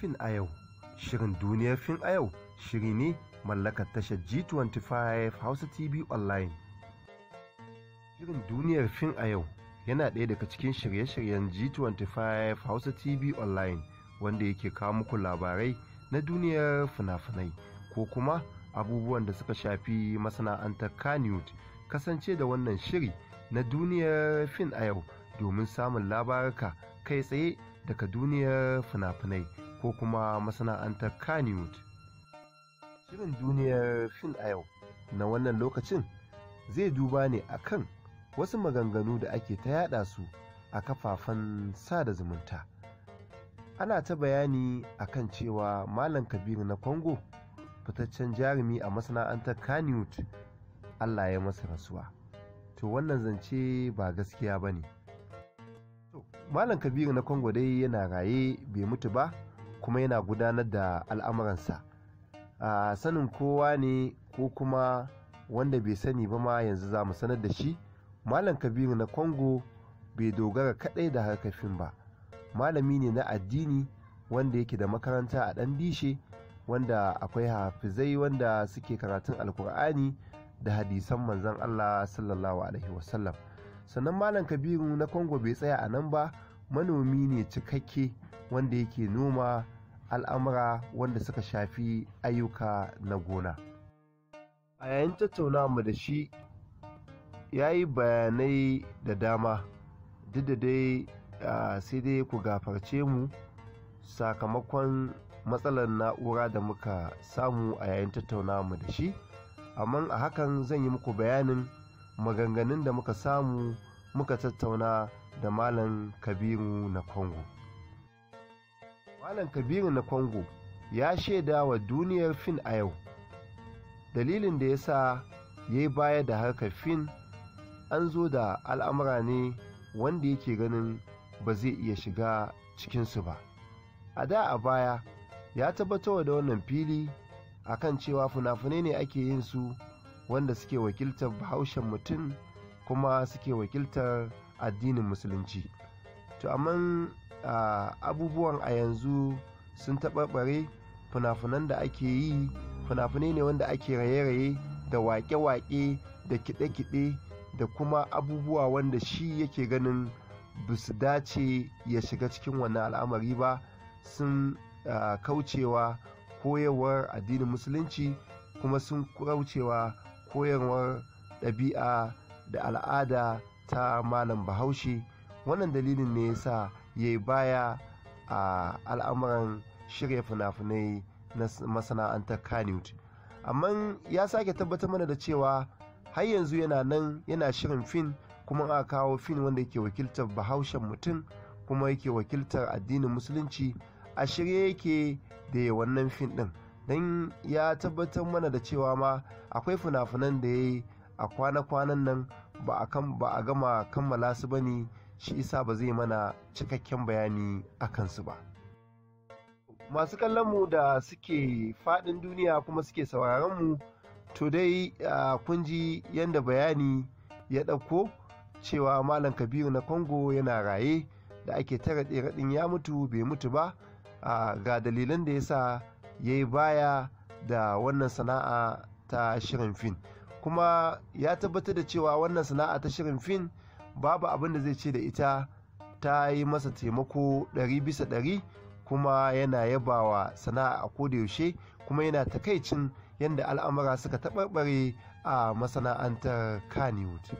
Fin a yau. Shirin duniyar Fin a yau shiri ne mallakar tashar G25 Hausa TV Online. Shirin duniyar Fin a yau yana ɗaya daga cikin shirye-shiryen G25 Hausa TV Online wanda yake kawo muku labarai na duniyar fina-finai ko kuma abubuwan da suka shafi masana'antar Kannywood kasance da wannan shiri na duniyar Fin a yau domin samun labaruka kai tsaye daga duniyar fina-finai ko kuma masana'antar Kannywood. Shirin duniyar fin a yau na wannan lokacin zai duba ne akan wasu maganganu da ake ta yada su a kafafen sada zumunta. Ana ta bayani a kan cewa Malam Kabiru na kwango fitaccen jarumi a masana'antar Kannywood Allah ya masa rasuwa. To wannan zance ba gaskiya ba ne. Malam Kabiru na kwango dai yana raye bai mutu ba. kuma yana gudanar da al'amuransa a sanin kowa ne ko kuma wanda bai sani ba ma yanzu za mu sanar da shi malam kabiru na Kongo bai dogara kadai da harkafin ba malami ne na addini wanda yake da makaranta a ɗan dishe wanda akwai hafizai wanda suke karatun alkur'ani da hadisan manzon allah sallallahu alaihi wasallam sannan malam kabiru na Kongo bai tsaya a nan ba manomi ne cikakke wanda yake noma al'amura wanda suka shafi ayyuka na gona a yayin tattaunawa da shi ya yi bayanai da dama duk da dai sai dai ku gafarce mu sakamakon matsalar na'ura da muka samu a yayin tattaunawa da shi amma a hakan zan yi muku bayanin maganganun da muka samu muka tattauna da malam kabiru na congo malam kabiru na congo ya shaida wa duniyar fin a yau dalilin da ya sa ya yi baya da harkar fin an zo da al'amura ne wanda yake ganin ba zai iya shiga cikinsu ba a da a baya ya tabbatar da wannan fili a kan cewa fina-finai ne ake yin su wanda suke wakiltar bahaushen mutum kuma suke wakiltar addinin musulunci to amma abubuwan a yanzu sun taɓarɓare funafunan da ake yi funafune ne wanda ake raye-raye da waƙe-waƙe da kiɗe-kiɗe da kuma abubuwa wanda shi yake ganin ba su dace ya shiga cikin wannan al'amari ba sun kaucewa koyarwar addinin musulunci kuma sun kaucewa koyarwar ɗabi'a da al'ada ta malam bahaushe wannan dalilin ne yasa ya yi baya a al'amuran shirya fina-finai na masana'antar kanut amma ya sake tabbatar mana da cewa har yanzu yana nan yana shirin fin kuma a kawo fin wanda yake wakiltar bahaushen mutum kuma yake wakiltar addinin musulunci a shirye yake da wannan fin din don ya tabbatar mana da cewa ma akwai fina-finan da ya yi a kwana-kwanan nan ba a gama kammala su ba ne shi isa ba zai mana cikakken bayani a kansu ba masu kallon mu da suke faɗin duniya kuma suke mu to dai kun ji yadda bayani ya ɗauko cewa malam kabiru na kongo yana raye da ake tara raɗin ya mutu bai mutu ba ga dalilan da ya sa ya yi baya da wannan sana'a ta shirin fim. kuma ya tabbatar da cewa wannan sana'a ta shirin fin babu abin da zai ce da ita ta yi masa taimako ɗari bisa ɗari kuma yana yabawa sana'a a yaushe kuma yana takaicin yadda al'amura suka taɓarɓare a masana'antar kaniwood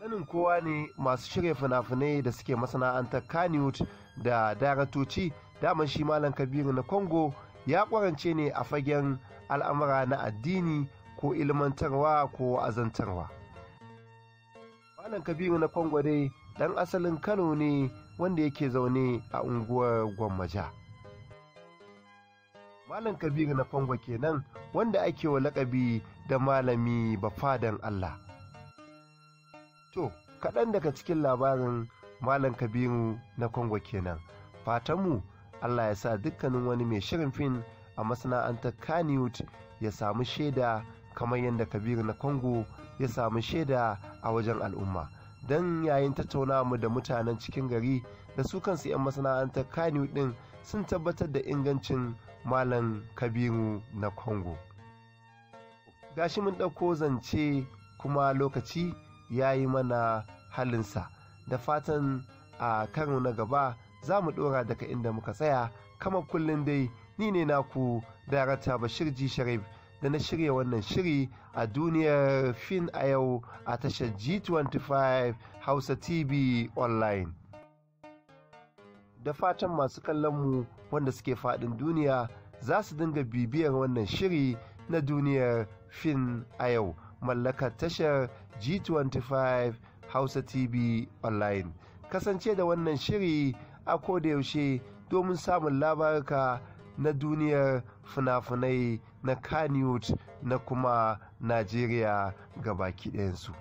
sanin kowa ne masu shirya fina-finai da suke masana'antar kaniwood da daratoci daman shi malam kabiru na congo ya kwarance ne a fagen al'amura na addini ko ilmantarwa ko azantarwa malam kabiru na kwangwade dan asalin kano ne wanda yake zaune a unguwar gwammaja malam kabiru na kwangwa kenan wanda ake wa lakabi da malami bafadan allah to kaɗan daga cikin labarin malam kabiru na kwangwa kenan fatanmu allah ya sa dukkanin wani mai shirin fin a masana'antar kaniyut ya samu shaida kamar yadda kabiru na congo ya samu shaida a wajen al'umma don yayin tattaunawa mu da mutanen cikin gari da su kansu 'yan masana'antar kanu din sun tabbatar da ingancin malam kabiru na congo gashi mun ɗauko zance kuma lokaci ya yi mana halinsa da fatan a karo na gaba za mu ɗora daga inda muka tsaya kama kullum dai ni ne naku darata bashir ji sharif da na shirya wannan shiri a duniyar fin a yau a tashar G25 Hausa TV online. Da fatan masu kallonmu wanda suke faɗin duniya za su dinga bibiyar wannan shiri na duniyar fin a yau mallakar tashar G25 Hausa TV online. Kasance da wannan shiri a kodayaushe domin samun labarka na duniyar fina-finai na kannywood na kuma najeriya ga baki ɗayansu